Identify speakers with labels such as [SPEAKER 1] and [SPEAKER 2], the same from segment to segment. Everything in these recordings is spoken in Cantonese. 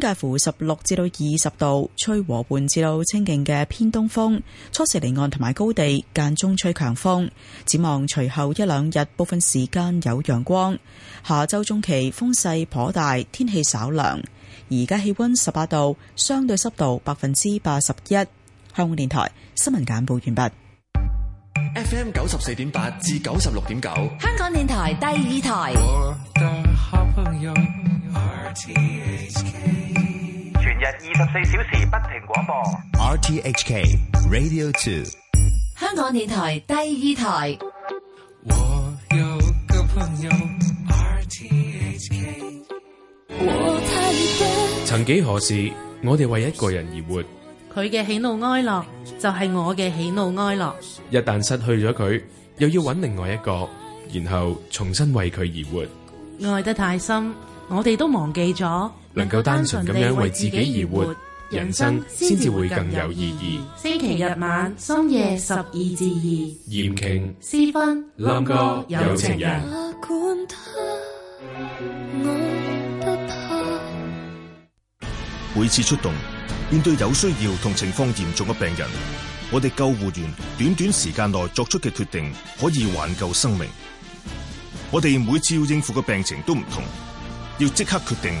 [SPEAKER 1] 介乎十六至到二十度，吹和緩至到清勁嘅偏東風，初時離岸同埋高地間中吹強風。展望隨後一兩日，部分時間有陽光。下周中期風勢頗大，天氣稍涼。而家氣溫十八度，相對濕度百分之八十一。香港電台新聞簡報完畢。
[SPEAKER 2] FM 九十四點八至九十六點九，
[SPEAKER 1] 香港電台第二台。
[SPEAKER 3] 日二十四小時不停廣播。RTHK Radio Two，
[SPEAKER 4] 香港電台第二台。我
[SPEAKER 3] 有個朋友，RTHK。我太累。T H、K, 哇
[SPEAKER 4] 曾幾何時，我哋為一個人而活。佢嘅喜怒哀樂，就係、是、我嘅喜怒哀樂。
[SPEAKER 2] 一旦失去咗佢，又要揾另外一個，然後重新為佢而活。
[SPEAKER 4] 愛得太深，我哋都忘記咗。
[SPEAKER 2] 能夠單純咁樣為自己而活，人生先至會更有意義。
[SPEAKER 4] 星期日晚深夜十二至二，
[SPEAKER 2] 艷情私奔，冧個有情人。每次出動，面對有需要同情況嚴重嘅病人，我哋救護員短短時間內作出嘅決定，可以挽救生命。我哋每次要應付嘅病情都唔同，要即刻決定。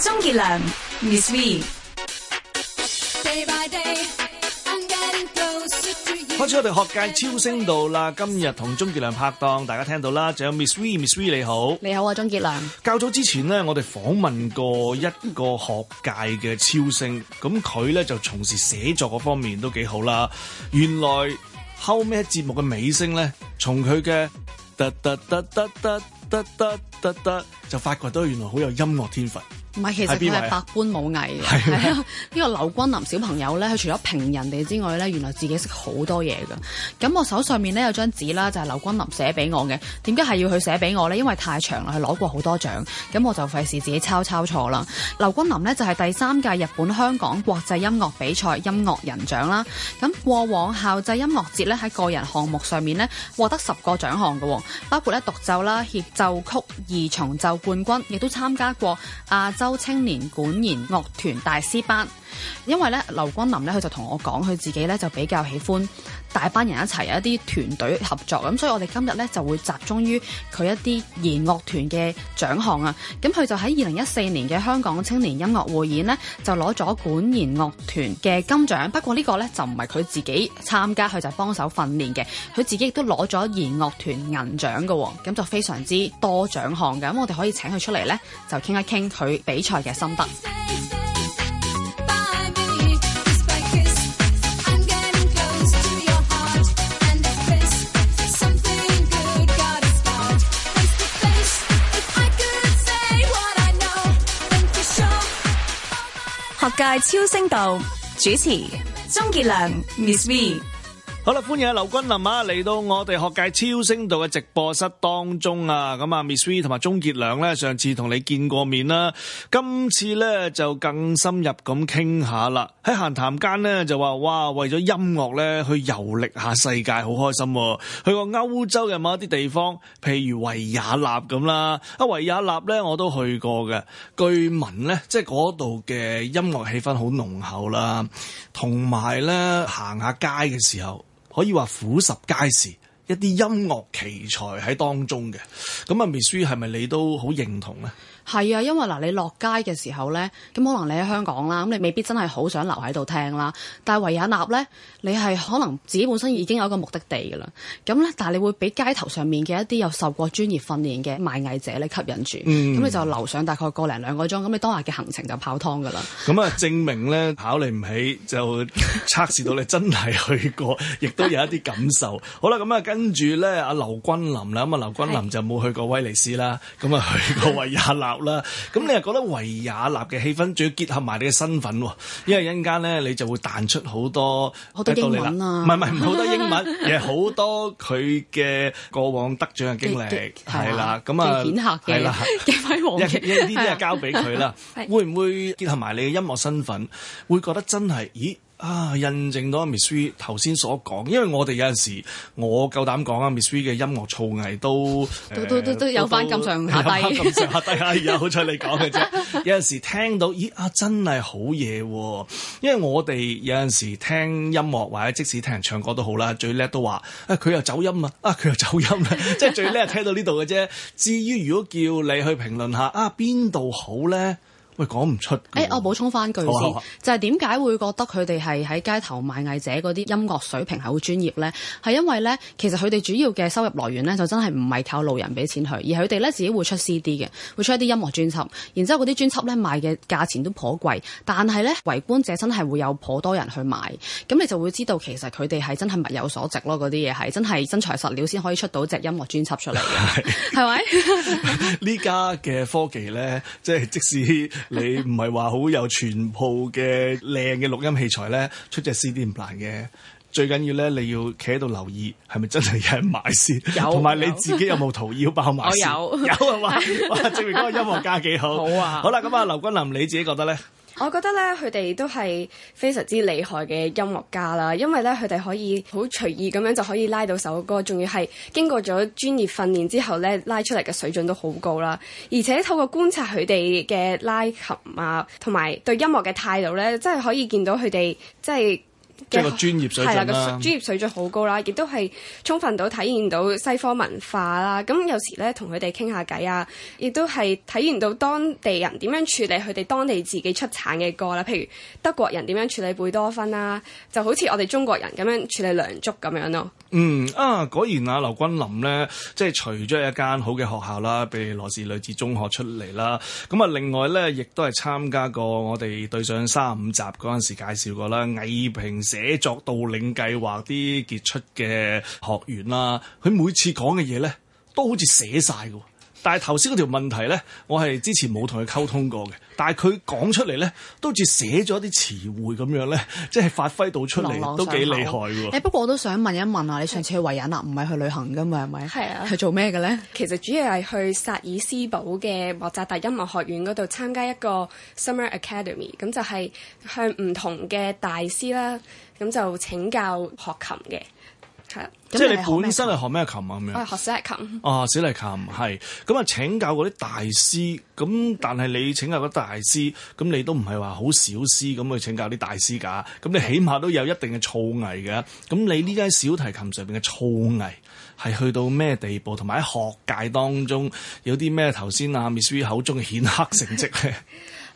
[SPEAKER 3] 鍾傑良
[SPEAKER 2] ，Ms V，開始我哋學界超聲度啦。今日同鍾傑良拍檔，大家聽到啦。仲有 Ms V，Ms V 你好，
[SPEAKER 4] 你好啊，鍾傑良。
[SPEAKER 2] 較早之前咧，我哋訪問過一個學界嘅超聲，咁佢咧就從事寫作嗰方面都幾好啦。原來後尾喺節目嘅尾聲咧，從佢嘅「得得得得得得得得」就發覺到原來好有音樂天分。
[SPEAKER 4] 唔係，其實佢係百般武藝嘅。啊嗎，呢個 劉君琳小朋友咧，佢除咗評人哋之外咧，原來自己識好多嘢嘅。咁我手上面咧有張紙啦，就係、是、劉君琳寫俾我嘅。點解係要佢寫俾我咧？因為太長啦，佢攞過好多獎，咁我就費事自己抄抄錯啦。劉君琳呢，就係第三屆日本香港國際音樂比賽音樂人獎啦。咁過往校際音樂節咧，喺個人項目上面咧，獲得十個獎項嘅，包括咧獨奏啦、協奏曲、二重奏冠軍，亦都參加過亞洲青年管弦樂團大師班，因為咧劉君琳咧，佢就同我講，佢自己咧就比較喜歡。大班人一齊有一啲團隊合作咁，所以我哋今日咧就會集中於佢一啲弦樂團嘅獎項啊！咁佢就喺二零一四年嘅香港青年音樂匯演呢，就攞咗管弦樂團嘅金獎，不過呢個呢，就唔係佢自己參加，佢就係幫手訓練嘅。佢自己亦都攞咗弦樂團銀獎嘅，咁就非常之多獎項嘅。咁我哋可以請佢出嚟呢，就傾一傾佢比賽嘅心得。
[SPEAKER 1] 學界超聲道，主持鍾傑良、Miss V。
[SPEAKER 2] 好啦，歡迎阿劉君琳啊，嚟到我哋學界超聲道嘅直播室當中啊，咁啊 Ms V 同埋鍾傑良咧，上次同你見過面啦，啊，今次咧就更深入咁傾下啦。喺閒談間咧就話，哇，為咗音樂咧去遊歷下世界好開心喎，啊，去過歐洲嘅某一啲地方，譬如維也納咁啦。啊，維也納咧我都去過嘅，據聞咧即係嗰度嘅音樂氣氛好濃厚啦，同埋咧行下街嘅時候。可以話俯拾皆是。一啲音樂奇才喺當中嘅，咁啊，Ms V 係咪你都好認同呢？
[SPEAKER 4] 係啊，因為嗱，你落街嘅時候呢，咁可能你喺香港啦，咁你未必真係好想留喺度聽啦。但係維也納呢，你係可能自己本身已經有一個目的地㗎啦。咁呢，但係你會俾街頭上面嘅一啲有受過專業訓練嘅賣藝者咧吸引住，咁、嗯、你就留上大概個零兩個鐘。咁你當日嘅行程就泡湯㗎啦。
[SPEAKER 2] 咁啊、嗯，證明呢，考你唔起就測試到你真係去過，亦 都有一啲感受。好啦，咁啊跟住咧，阿劉君琳啦，咁啊劉君琳就冇去過威尼斯啦，咁啊去過維也納啦。咁你又覺得維也納嘅氣氛，仲要結合埋你嘅身份，因為一陣間咧，你就會彈出好多好多英文啊！唔係唔係，唔係好多英文，而係好多佢嘅過往得獎嘅經歷，係啦。咁啊，係啦，幾
[SPEAKER 4] 位王劇，一啲啲係交俾佢啦。
[SPEAKER 2] 會唔會結合埋你嘅音樂身份，會覺得真係？咦？啊！印證到 Ms V 頭先所講，因為我哋有陣時，我夠膽講啊，Ms V 嘅音樂造詣都都都都，都有
[SPEAKER 5] 翻咁上下咁上下
[SPEAKER 2] 啊！而家好彩你講嘅啫，有陣時聽到，咦啊，真係好嘢喎，啊！因為我哋有陣時聽音樂，或者即使聽人唱歌都好啦，最叻都話啊，佢又走音啊，啊佢又走音啦，即、啊、係 最叻聽到呢度嘅啫。至於如果叫你去評論下啊，啊邊度好咧？喂，講唔出。
[SPEAKER 4] 誒、欸，我補充翻句先，好好好，就係點解會覺得佢哋係喺街頭賣藝者嗰啲音樂水平係好專業呢？係因為呢，其實佢哋主要嘅收入來源呢，就真係唔係靠路人俾錢去，而佢哋呢，自己會出 CD 嘅，會出一啲音樂專輯。然之後嗰啲專輯呢，賣嘅價錢都頗貴，但係呢，圍觀者真係會有頗多人去買。咁你就會知道其實佢哋係真係物有所值咯。嗰啲嘢係真係真材實料先可以出到隻音樂專輯出嚟嘅，係
[SPEAKER 2] 咪？ 呢家嘅科技呢，即係即使 你唔係話好有全套嘅靚嘅錄音器材咧，出隻 CD 唔難嘅。最緊要咧，你要企喺度留意係咪真係有人買先，有！同埋你自己有冇圖要包埋 我有 有啊嘛，證明嗰個音樂家幾好。 好啊。好啦，咁啊，劉君琳你自己覺得咧？
[SPEAKER 5] 我覺得咧，佢哋都係非常之厲害嘅音樂家啦，因為咧，佢哋可以好隨意咁樣就可以拉到首歌，仲要係經過咗專業訓練之後咧，拉出嚟嘅水準都好高啦。而且透過觀察佢哋嘅拉琴啊，同埋對音樂嘅態度咧，真係可以見到佢哋即係。即係個專業水準啦、啊啊，專業水準好高啦，亦都係充分到體現到西方文化啦。咁有時咧同佢哋傾下偈啊，亦都係體現到當地人點樣處理佢哋當地自己出產嘅歌啦。譬如德國人點樣處理貝多芬啦、啊，就好似我哋中國人咁樣處理梁祝咁樣咯、啊。嗯
[SPEAKER 2] 啊，果然啊，劉君琳咧，即係除咗一間好嘅學校啦，庇理羅士女子中學出嚟啦。咁啊，另外咧亦都係參加過我哋對上三五集嗰陣時介紹過啦，魏平寫作導領計劃啲傑出嘅學員啦，啊，佢每次講嘅嘢，咧，都好似寫晒㗎。但係頭先嗰條問題咧，我係之前冇同佢溝通過嘅。但係佢講出嚟咧，都好似寫咗啲詞彙咁樣咧，即係發揮到出嚟都幾厲害喎。誒、欸，
[SPEAKER 4] 不過我都想問一問啊，你上次去維也納唔係去旅行㗎嘛？係咪？係啊。係做咩嘅咧？
[SPEAKER 5] 其實主要係去薩爾斯堡嘅莫扎特音樂學院嗰度參加一個 summer academy，咁就係向唔同嘅大師啦，咁就請教學琴嘅。係，嗯、即係你本
[SPEAKER 2] 身係學咩琴，琴啊？咩？我學
[SPEAKER 5] 小提琴。
[SPEAKER 2] 哦、啊，小提琴係，咁啊請教嗰啲大師，咁但係你請教嗰大師，咁你都唔係話好小師咁去請教啲大師噶，咁你起碼都有一定嘅造詣嘅。咁你呢間小提琴上邊嘅造詣係去到咩地步？同埋喺學界當中有啲咩頭先啊 Ms V 口中嘅顯赫成績？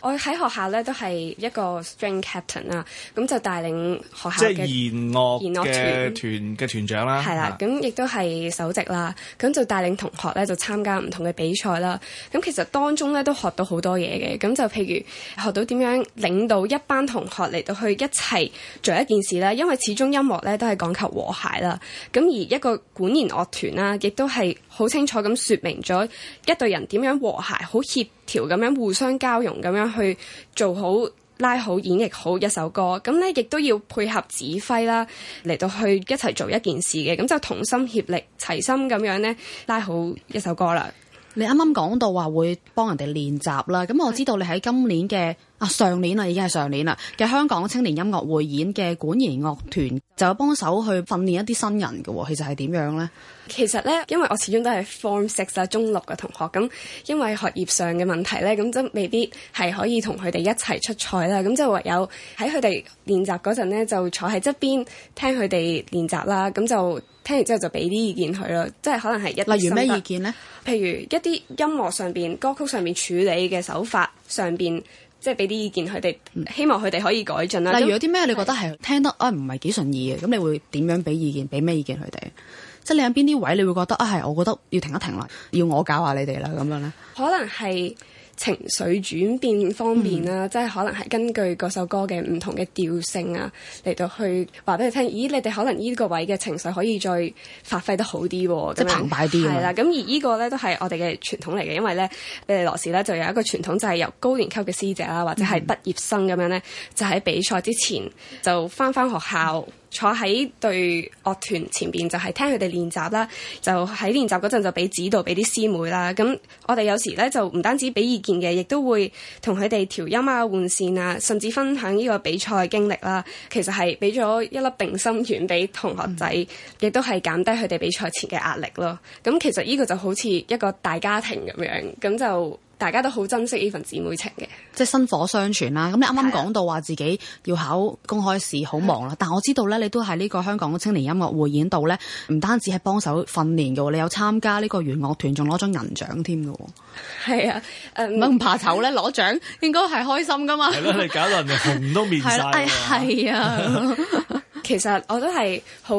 [SPEAKER 5] 我喺學校咧都係一個 string captain 啦、啊，咁就帶領學校嘅
[SPEAKER 2] 弦樂嘅團嘅團，團，團長啦。係啦的，
[SPEAKER 5] 咁亦、啊、都係首席啦，咁就帶領同學咧就參加唔同嘅比賽啦。咁其實當中咧都學到好多嘢嘅，咁就譬如學到點樣領導一班同學嚟到去一齊做一件事啦。因為始終音樂咧都係講求和諧啦，咁而一個管弦樂團啦，亦都係。好清楚咁説明咗一隊人點樣和諧、好協調咁樣互相交融咁樣去做好拉好演繹好一首歌，咁呢，亦都要配合指揮啦，嚟到去一齊做一件事嘅，咁就同心協力、齊心咁樣呢，拉好一首歌啦。
[SPEAKER 4] 你啱啱講到話會幫人哋練習啦，咁我知道你喺今年嘅。啊！上年啊，已經係上年啦嘅香港青年音樂匯演嘅管弦樂團就有幫手去訓練一啲新人嘅喎。其實係點樣呢？
[SPEAKER 5] 其實呢，因為我始終都係 form six 啊中六嘅同學咁，因為學業上嘅問題呢，咁就未必係可以同佢哋一齊出賽啦。咁就唯有喺佢哋練習嗰陣呢，就坐喺側邊聽佢哋練習啦。咁就聽完之後就俾啲意見佢咯。即係可能係一啲，例如咩意見呢？譬如一啲音樂上面、歌曲上面處理嘅手法上面。即係俾啲意見佢哋，希望佢哋可以改進啦。嗯、都例如有啲咩你覺得係
[SPEAKER 4] 聽得啊唔係幾順意嘅，咁是你會點樣俾意見？俾咩意見佢哋？即係你喺邊啲位，你會覺得啊係、哎，我覺得要停一停啦，要我搞下你
[SPEAKER 5] 哋啦，咁樣咧？可能係。情緒轉變方面啦，嗯、即係可能係根據嗰首歌嘅唔同嘅調性啊，嚟到去話俾佢聽，咦，你哋可能呢個位嘅情緒可以再發揮得好啲、啊，即係澎湃啲。係啦樣，咁了而個呢個咧都係我哋嘅傳統嚟嘅，因為咧，庇理羅士咧就有一個傳統，就係由高年級嘅師姐啦，或者係畢業生咁樣咧，嗯、就喺比賽之前就翻返學校。嗯嗯坐喺隊樂團前邊就係聽佢哋練習啦，就喺練習嗰陣就俾指導俾啲師妹啦。咁我哋有時呢，就唔單止俾意見嘅，亦都會同佢哋調音啊、換線啊，甚至分享呢個比賽經歷啦。其實係俾咗一粒定心丸俾同學仔，亦都係減低佢哋比賽前嘅壓力咯。咁其實呢個就好似一個大家庭咁樣，咁就。大家都好珍惜呢份姊妹情嘅，
[SPEAKER 4] 即係薪火相傳啦。咁你啱啱講到話自己要考公開試好、啊、忙啦，但我知道咧，你都喺呢個香港青年音樂匯演度咧，唔單止係幫手訓練嘅，你有參加呢個弦樂團，仲攞咗銀獎添嘅。
[SPEAKER 5] 係啊，唔、嗯、怕醜咧，攞獎應該係開心噶嘛。係咯， 你
[SPEAKER 4] 搞到人哋紅都面曬。
[SPEAKER 5] 係啊，其實我都係好。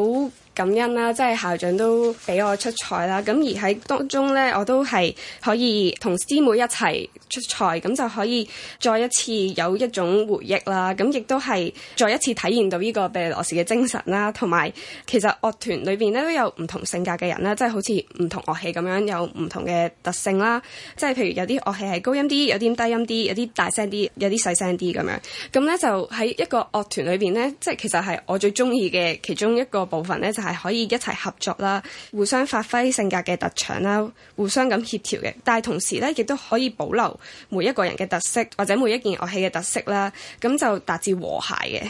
[SPEAKER 5] 感恩啦，即係校長都俾我出賽啦。咁而喺當中咧，我都係可以同師妹一齊出賽，咁就可以再一次有一種回憶啦。咁亦都係再一次體驗到呢個庇理羅士嘅精神啦。同埋，其實樂團裏邊咧都有唔同性格嘅人啦，即係好似唔同樂器咁樣有唔同嘅特性啦。即係譬如有啲樂器係高音啲，有啲低音啲，有啲大聲啲，有啲細聲啲咁樣。咁咧就喺一個樂團裏邊咧，即係其實係我最中意嘅其中一個部分咧就是。係可以一齊合作啦，互相發揮性格嘅特長啦，互相咁協調嘅。但係同時咧，亦都可以保留每一個人嘅特色，或者每一件樂器嘅特色啦。咁就達至和諧嘅。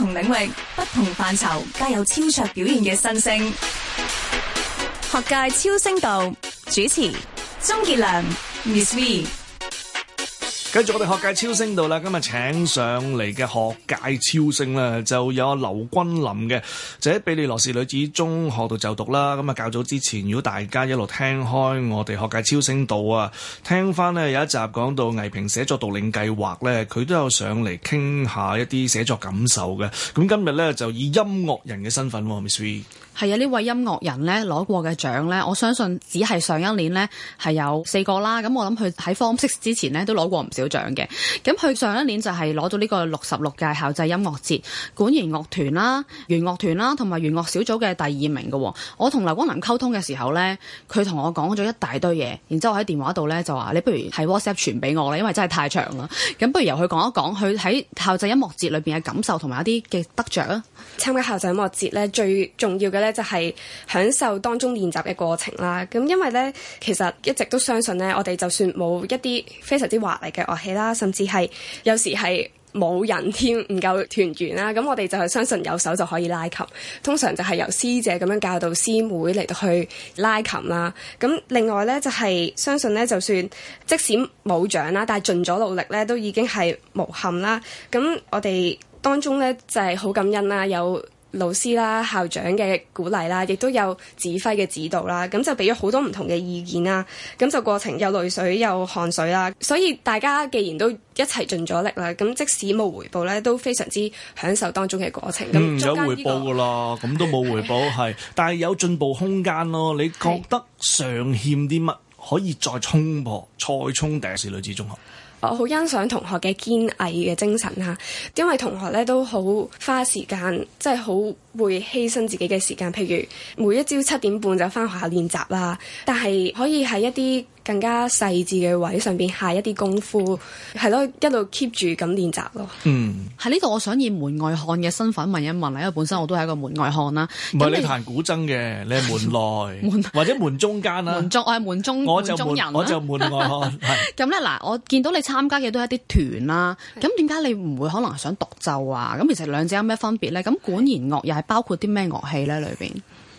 [SPEAKER 1] 同領域、不同範疇皆有超卓表現嘅新星，學界超星道主持鍾傑良、Miss V。.繼續我哋學
[SPEAKER 2] 界超聲度啦，今日請上嚟嘅學界超聲咧就有劉君琳嘅，就喺庇理羅士女子中學度就讀啦。咁啊，較早之前如果大家一路聽開我哋學界超聲度啊，聽翻咧有一集講到藝評寫作導領計劃呢，佢都有上嚟傾下一啲寫作感受嘅。咁今日呢，就以音樂人嘅身份，Ms V
[SPEAKER 4] 係啊！呢位音樂人咧攞過嘅獎咧，我相信只係上一年咧係有四個啦。咁我諗佢喺 Form Six 之前咧都攞過唔少獎嘅。咁佢上一年就係攞咗呢個六十六屆校際音樂節管弦樂團啦、啊、弦樂團啦同埋弦樂小組嘅第二名嘅，哦。我同劉君琳溝通嘅時候咧，佢同我講咗一大堆嘢，然之後我喺電話度咧就話：你不如喺 WhatsApp 傳俾我啦，因為真係太長啦。
[SPEAKER 5] 咁不如由佢講一講佢喺校際音樂節裏邊嘅感受同埋一啲嘅得著啊！參加校際音樂節咧最重要嘅～咧就係享受當中練習嘅過程啦，咁因為咧其實一直都相信咧，我哋就算冇一啲非常之華麗嘅樂器啦，甚至係有時係冇人添，唔夠團員啦，咁我哋就係相信有手就可以拉琴。通常就係由師姐咁樣教導師妹嚟到去拉琴啦。咁另外咧就係相信咧，就算即使冇獎啦，但係盡咗努力咧，都已經係無憾啦。咁我哋當中咧就係好感恩啦，有。老師啦、校長嘅鼓勵啦，亦都有指揮嘅指導啦，咁就俾咗好多唔同嘅意見啦。咁就過程有淚水有汗水啦，所以大家既然都一齊盡咗力啦，咁即使冇回報呢，都非常之享受當中嘅過程。唔想、嗯呢個、回報
[SPEAKER 2] 噶啦，咁都冇回報係， 但係有進步空間咯。你覺得尚欠啲乜可以再衝破、再衝頂？是女子中學。
[SPEAKER 5] 我好欣賞同學嘅堅毅嘅精神啦，因為同學咧都好花時間，即係好會犧牲自己嘅時間，譬如每一朝七點半就返學校練習啦，但係可以喺一啲更加細緻嘅位上邊下一啲功夫，係咯，
[SPEAKER 4] 一路 keep 住咁練習咯。嗯，喺呢度我想以門外漢嘅身份問一問啦，因為本身我都係一個門外漢啦。
[SPEAKER 2] 唔係是你，你彈古箏嘅，你係門內，門或者門中間
[SPEAKER 4] 啦、啊，門中我係門中，我就我門外漢。咁咧嗱，我見到你參加嘅都係一啲團啦，咁點解你唔會可能想獨奏啊？咁其實兩者有咩分別咧？咁管絃樂又係包括啲咩樂器咧？裏邊？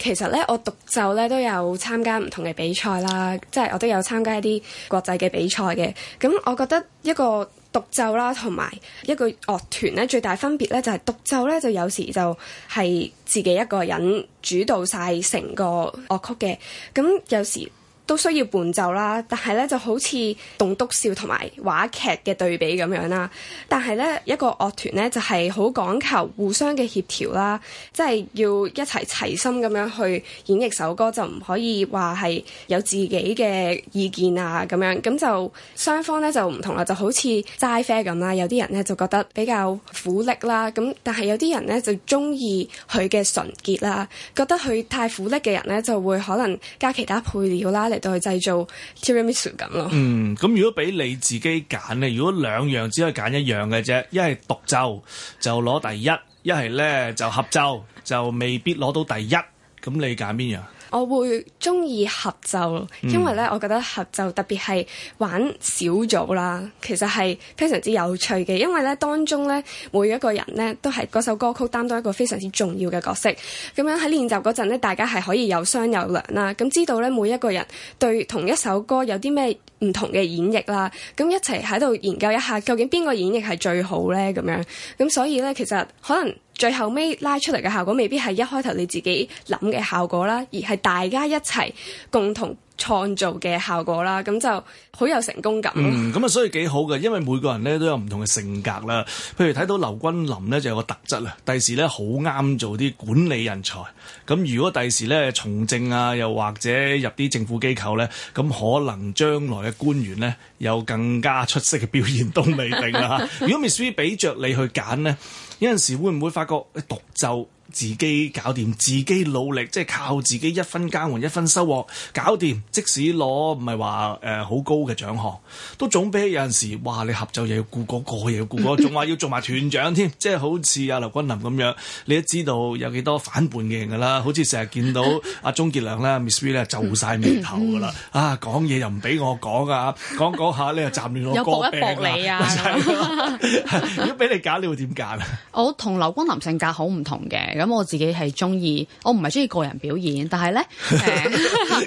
[SPEAKER 5] 其實咧，我獨奏咧都有參加唔同嘅比賽啦，即係我都有參加一啲國際嘅比賽嘅。咁我覺得一個獨奏啦，同埋一個樂團咧，最大分別咧就係獨奏咧就有時就係自己一個人主導晒成個樂曲嘅。咁有時，都需要伴奏啦，但係咧就好似棟篤笑同埋話劇嘅對比咁樣啦。但係咧一個樂團咧就係好講求互相嘅協調啦，即係要一齊齊心咁樣去演繹首歌，就唔可以話係有自己嘅意見啊咁樣，咁就雙方咧就唔同啦，就好似齋啡咁啦。有啲人咧就覺得比較苦力啦，咁但係有啲人咧就中意佢嘅純潔啦，覺得佢太苦力嘅人咧就會可能加其他配料啦。嚟到去製造 t 咁咯。嗯，
[SPEAKER 2] 咁如果俾你自己揀咧，如果兩樣只可以揀一樣嘅啫，一係獨奏就攞第一，一係咧就合奏就未必攞到第一。咁你揀邊樣？
[SPEAKER 5] 我會鍾意合奏，因為咧，我覺得合奏特別係玩小組啦，其實係非常之有趣嘅，因為咧當中咧每一個人咧都係嗰首歌曲擔當一個非常之重要嘅角色，咁樣喺練習嗰陣咧，大家係可以有商有量啦，咁知道咧每一個人對同一首歌有啲咩唔同嘅演繹啦，咁一齊喺度研究一下，究竟邊個演繹係最好呢？咁樣，咁所以呢，其實可能最後尾拉出嚟嘅效果未必係一開頭你自己諗嘅效果啦，而係大家一齊共同創造嘅效果啦，咁就好有成功感咯。嗯，
[SPEAKER 2] 咁啊，所以幾好嘅，因為每個人咧都有唔同嘅性格啦。譬如睇到劉君琳咧就有個特質啦，第時咧好啱做啲管理人才。咁如果第時咧從政啊，又或者入啲政府機構咧，咁可能將來嘅官員咧有更加出色嘅表現都未定啦。 如果 Miss V 俾著你去揀呢，有陣時會唔會發覺獨奏？自己搞掂，自己努力，即係靠自己一分耕耘一分收穫，搞掂。即使攞唔係話誒好高嘅獎項，都總比起有陣時哇！你合奏又要顧嗰個，個，又要顧嗰，仲話要做埋團長添，即係好似阿劉君琳咁樣。你都知道有幾多反叛嘅人㗎啦，好似成日見到阿鍾傑良啦，Ms V 咧就晒眉頭㗎啦。啊，講嘢又唔俾我講啊，講講下你又攢亂我個 你啊， 如果俾你揀，你會點揀
[SPEAKER 4] 啊？ 我劉同劉君琳性格好唔同嘅。咁、嗯、我自己係中意，我唔係中意個人表演，但係咧，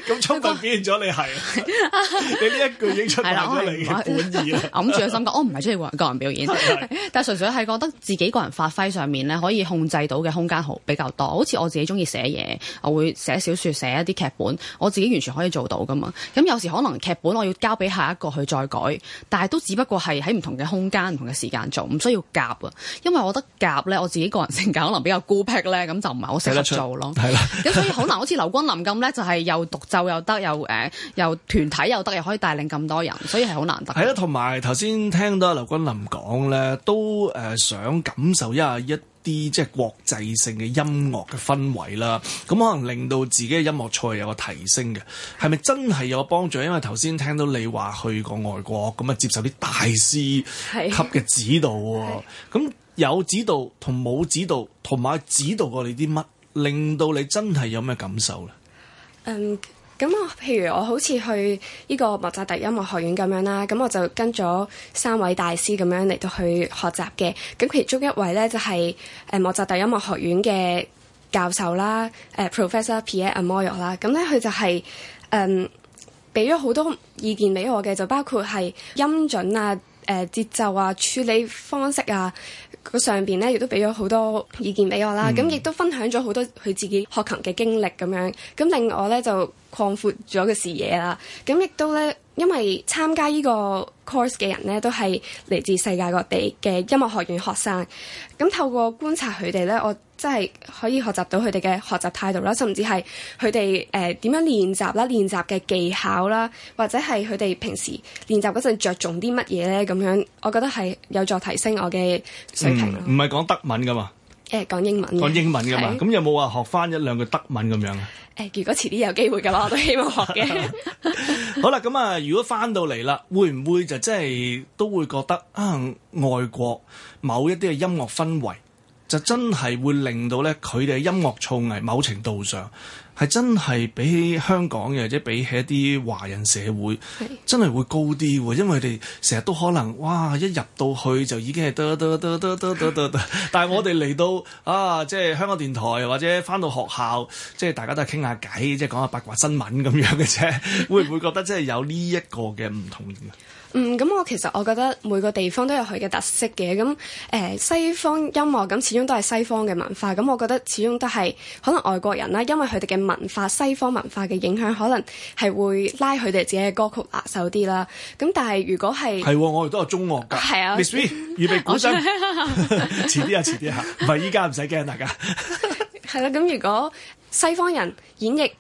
[SPEAKER 4] 咁充分表現咗你係， 嗯、你呢一句已經出賣咗你，掩住心講，我唔係中意個人表演， 但係純粹係覺得自己個人發揮上面咧，可以控制到嘅空間好比較多。好似我自己中意寫嘢，我會寫小說、寫一啲劇本，我自己完全可以做到噶嘛。咁有時可能劇本我要交俾下一個去再改，但係都只不過係喺唔同嘅空間、唔同嘅時間做，唔需要夾啊。因為我覺得夾咧，我自己個人性格可能比較孤僻。咁就唔係好識得做咯，係啦。咁 所以好難，好似劉君琳咁咧，就係又獨奏又得，又誒、呃、又團體又得，又可以帶領咁多人，所以係好難得。
[SPEAKER 2] 係啦，同埋頭先聽到阿劉君琳講咧，都誒、呃、想感受一下一啲即係國際性嘅音樂嘅氛圍啦。咁可能令到自己嘅音樂才有個提升嘅，係咪真係有幫助？因為頭先聽到你話去過外國，咁啊接受啲大師級嘅指導喎，咁的。的有指導同冇指導，同埋指導過你啲乜，令到你真係有咩感受咧？
[SPEAKER 5] 嗯，咁我譬如我好似去呢個莫扎特音樂學院咁樣啦，咁我就跟咗三位大師咁樣嚟到去學習嘅。咁其中一位咧就係誒莫扎特音樂學院嘅教授啦，誒、呃、Professor Pierre Amoyal 啦、就是。咁咧佢就係誒俾咗好多意見俾我嘅，就包括係音準啊、誒、呃、節奏啊、處理方式啊。個上邊咧亦都畀咗好多意見畀我啦，咁亦都分享咗好多佢自己學琴嘅經歷咁樣，咁令我咧就擴闊咗嘅視野啦，咁亦都咧。因為參加呢個 course 嘅人呢，都係嚟自世界各地嘅音樂學院學生。咁透過觀察佢哋呢，我真係可以學習到佢哋嘅學習態度啦，甚至係佢哋誒點樣練習啦、練習嘅技巧啦，或者係佢哋平時練習嗰陣著重啲乜嘢呢？咁樣我覺得係有助提升我嘅水平。
[SPEAKER 2] 唔係講德文㗎嘛？
[SPEAKER 5] 誒講英文，講英文㗎嘛，咁
[SPEAKER 2] 是有冇話學翻一兩句德文咁樣
[SPEAKER 5] 啊？誒、呃，如果遲啲有機會嘅話，我都希望學嘅。
[SPEAKER 2] 好啦，咁啊，如果翻到嚟啦，會唔會就真、是、係都會覺得啊、呃，外國某一啲嘅音樂氛圍，就真係會令到咧佢哋嘅音樂造詣某程度上。係真係比起香港嘅，或者比起一啲華人社會，真係會高啲喎。因為佢哋成日都可能，哇！一入到去就已經係得得得得得得得得。但係我哋嚟到啊，即係香港電台或者翻到學校，即係大家都傾下偈，即係講下八卦新聞咁樣嘅啫。會唔會覺得即係有呢一個嘅唔同㗎？
[SPEAKER 5] 嗯，咁我其實我覺得每個地方都有佢嘅特色嘅，咁誒、呃、西方音樂咁始終都係西方嘅文化，咁我覺得始終都係可能外國人啦，因為佢哋嘅文化西方文化嘅影響，可能係會拉佢哋自己嘅歌曲拿手啲啦。咁但係如果係係，
[SPEAKER 2] 我哋都係中樂㗎。係啊，Miss V，預備鼓掌， 遲啲啊，遲啲嚇、啊，唔係依家唔使驚，大家
[SPEAKER 5] 係啦。咁 如果西方人演繹。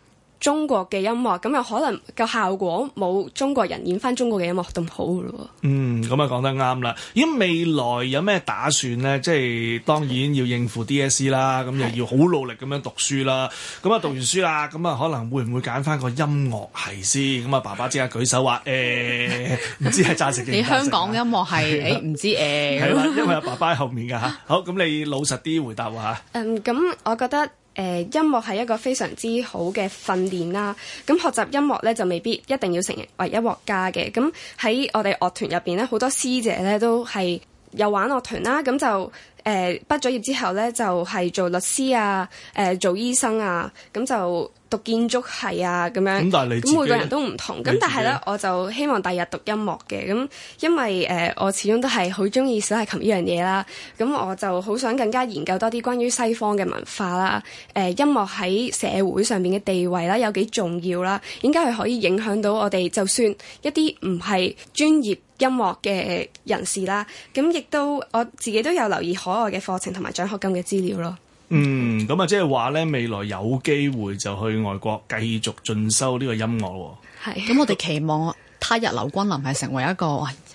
[SPEAKER 5] 中國嘅音樂，咁又可能個效果冇中國人演翻中國嘅音樂咁好嘅
[SPEAKER 2] 咯。嗯，咁啊講得啱啦。如果未來有咩打算咧？即係當然要應付 DSC 啦，咁又對要好努力咁樣讀書啦。咁啊讀完書啦，咁啊的可能會唔會揀翻個音樂系先？咁啊爸爸即刻舉手話誒，唔、欸、 知係暫時。 你香
[SPEAKER 4] 港音樂系誒，唔是的、
[SPEAKER 2] 欸、知誒。係、嗯、 因為阿爸爸喺後面噶吓。好，咁你老實啲回答我
[SPEAKER 5] 吓。嗯，咁我覺得。誒音樂係一個非常之好嘅訓練啦，咁學習音樂咧就未必一定要成為音樂家嘅。咁喺我哋樂團入邊咧，好多師姐咧都係有玩樂團啦。咁就誒、呃、畢咗業之後咧，就係、是、做律師啊，誒、呃、做醫生啊，咁就。讀建築系啊，咁樣咁，每個人都唔同。咁但係咧，我就希望第日讀音樂嘅，咁因為誒、呃，我始終都係好中意小提琴呢樣嘢啦。咁我就好想更加研究多啲關於西方嘅文化啦，誒、呃，音樂喺社會上面嘅地位啦，有幾重要啦，應該係可以影響到我哋，就算一啲唔係專業音樂嘅人士啦。咁亦都我自己都有留意海外嘅課程同埋獎學金嘅資料咯。
[SPEAKER 2] 嗯，咁啊，即係話咧，未來有機會就去外國繼續進修呢個音樂。係
[SPEAKER 5] 是，
[SPEAKER 4] 咁我哋期望他日劉君琳係成為一個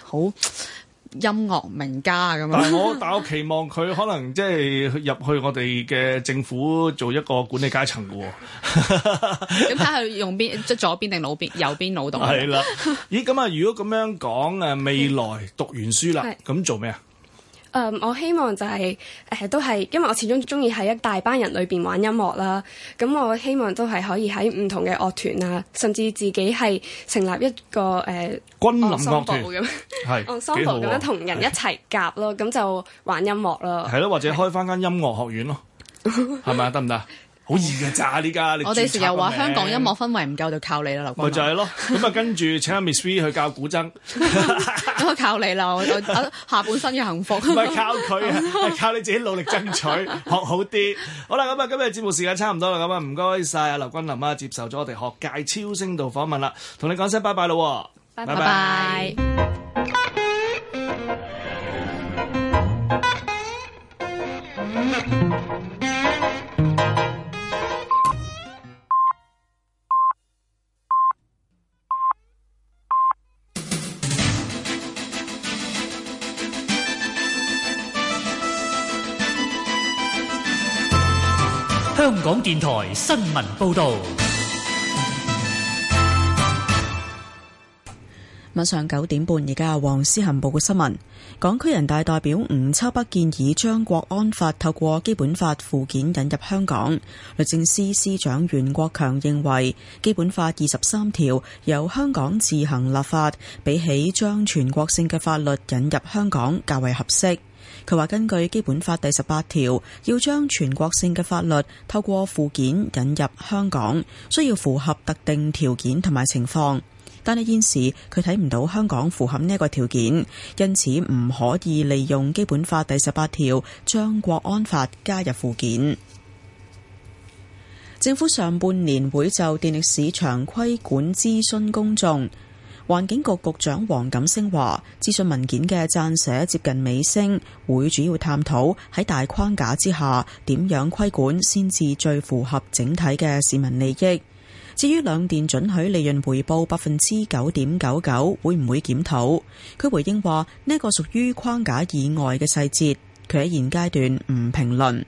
[SPEAKER 4] 好音樂名家咁樣。但我
[SPEAKER 2] 但我期望佢可能即係入去我哋嘅政府做一個管理階層嘅。
[SPEAKER 4] 咁睇下佢用邊即係左邊定腦邊右邊腦
[SPEAKER 2] 洞。係啦的， 咦，咁啊，如果咁樣講誒，未來讀完書啦，咁、嗯、做咩啊？
[SPEAKER 5] 誒、um, 我希望就係誒都係，因為我始終中意喺一大班人裏邊玩音樂啦。咁我希望都係可以喺唔同嘅樂團啊，甚至自己係成立一個誒，君、uh, 琳樂隊咁、嗯，樂雙部咁、嗯、樣同人一齊夾咯。咁就玩音樂咯。係咯，
[SPEAKER 2] 或者開返間音樂學院咯，係咪啊？得唔得？好易嘅咋呢家？你我哋成日話香港音樂
[SPEAKER 5] 氛圍唔夠，就靠你啦，劉君琳。咪
[SPEAKER 2] 就係咯，咁啊，跟住請阿 Miss V 去教古箏，
[SPEAKER 4] 都啊，靠你啦，我再下半生嘅幸福。唔 係靠佢、啊，係
[SPEAKER 2] 靠你自己努力爭取， 學好啲。好啦，咁啊，今日節目時間差唔多啦，咁啊，唔該晒，啊，劉君琳啊，接受咗我哋學界超聲導訪問啦，同你講聲拜拜啦，
[SPEAKER 3] 拜拜。
[SPEAKER 4] 港電台新聞報道，
[SPEAKER 1] 晚上九點半，而家黃思恒報嘅新聞。港區人大代表吳秋北建議，將國安法透過基本法附件引入香港。律政司司長袁國強認為，基本法二十三條由香港自行立法，比起將全國性嘅法律引入香港較為合適。佢話：根據基本法第十八條，要將全國性嘅法律透過附件引入香港，需要符合特定條件同埋情況。但係現時佢睇唔到香港符合呢個條件，因此唔可以利用基本法第十八條將《國安法》加入附件。政府上半年會就電力市場規管諮詢公眾。環境局局長黃錦星話，資訊文件嘅撰寫接近尾聲，會主要探討喺大框架之下點樣規管先至最符合整體嘅市民利益。至於兩電准許利潤回報百分之九點九九，會唔會檢討？佢回應話：呢個屬於框架以外嘅細節，佢喺現階段唔評論。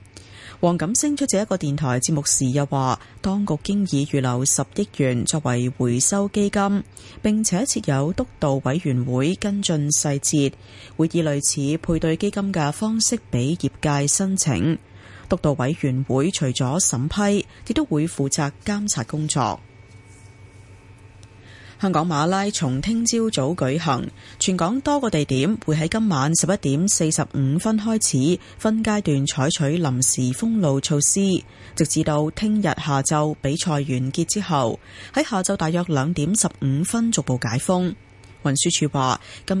[SPEAKER 1] 黃錦星出席一個電台節目時又話，當局經已預留十億元作為回收基金，並且設有督導委員會跟進細節，會以類似配對基金嘅方式俾業界申請。督導委員會除咗審批，亦都會負責監察工作。香港馬拉松聽朝早舉行，全港多個地點會喺今晚十一點四十五分開始分階段採取臨時封路措施，直至到聽日下晝比賽完結之後，喺下晝大約兩點十五分逐步解封。運輸署話今。